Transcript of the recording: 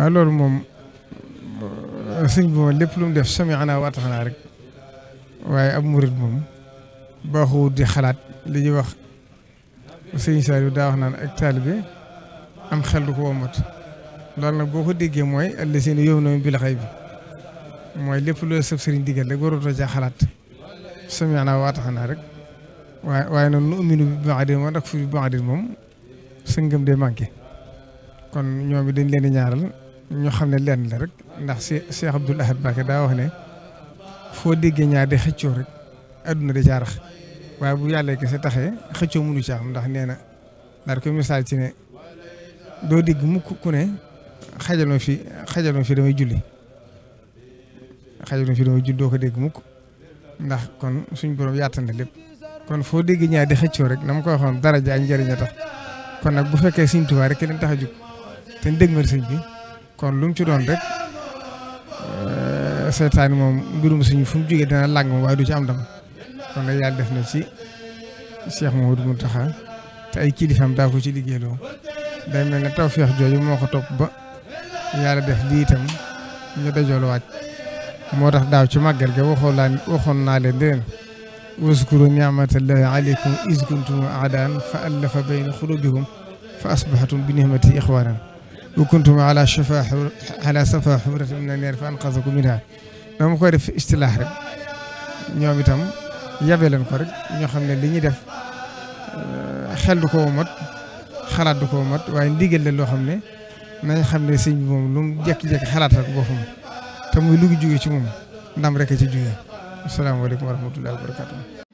waaw loolu moom euh, sëñ bi moom lépp lu mu def sami ana waata xanaa rek waaye ab murit moom baaxul di xalaat li ñuy wax sëñ Saliou daa wax naan ak bi am xel du ko womat loolu nag boo ko déggee mooy àll seen yow noonu bi bi mooy lépp lu sëb sëriñ digal rek warutoo caa xalaat sami ana waata xanaa rek waaye waaye noonu nu uminu bi ba'din wa nakfuru bi ba'din moom sa de dee kon ñoom it dañ leen di ñaaral. ñoo xam ne lenn la rek ndax si Cheikh Abdoul Ahad Mbacké daa wax ne foo déggee ñaar di xëccoo rek adduna da caarax waaye bu yàlla kese taxee xëccoo mënu ci am ndax nee na daal koy misaal ci ne doo dégg mukk ku ne xajaloo fi xajaloo fi damay julli xajaloo fi damay julli doo ko ndax kon suñ borom yaatal na lépp kon foo dégg ñaar di xëccoo rek na ma ko waxoon dara jaay njëriñ a tax kon nag bu fekkee Sëriñ Tuubaa rek leen tax a jóg te dégg nga sëñ bi. kon lu mu ci doon rek eh, seytaane moom mbirum suñu fu mu jógee dina làng waaye du ci am ndam kon nag yàlla def na ci Cheikh Mouhamadou Mountakha te ay kilifaam daa ko ci liggéeyloo day mel ne tawfeex jooju moo ko topp ba yàlla def lii itam ñu dajoolu waaj moo tax daaw ci màggal ga waxoon laa waxoon naa leen déen waskuru ni'matallahi alaykum iz kuntum a'daan fa allafa bayna quluubikum fa asbahatum bi ni'matihi ixwaanan wa kuntum ala shafa ala safa xumratin mina naar fa anqasakum minha dama koy def istilaax rek ñoom itam yabe leen ko rek ñoo xam ne li def euh, xel du ko mat xalaat du ko mat waaye ndigal la loo xam ne nañ xam ne sëñ bi moom lu mu jékki xalaat rek boppam te muy lu jóge ci moom ndam rek a ci jóge asalaamaaleykum wa rahmatullahi wa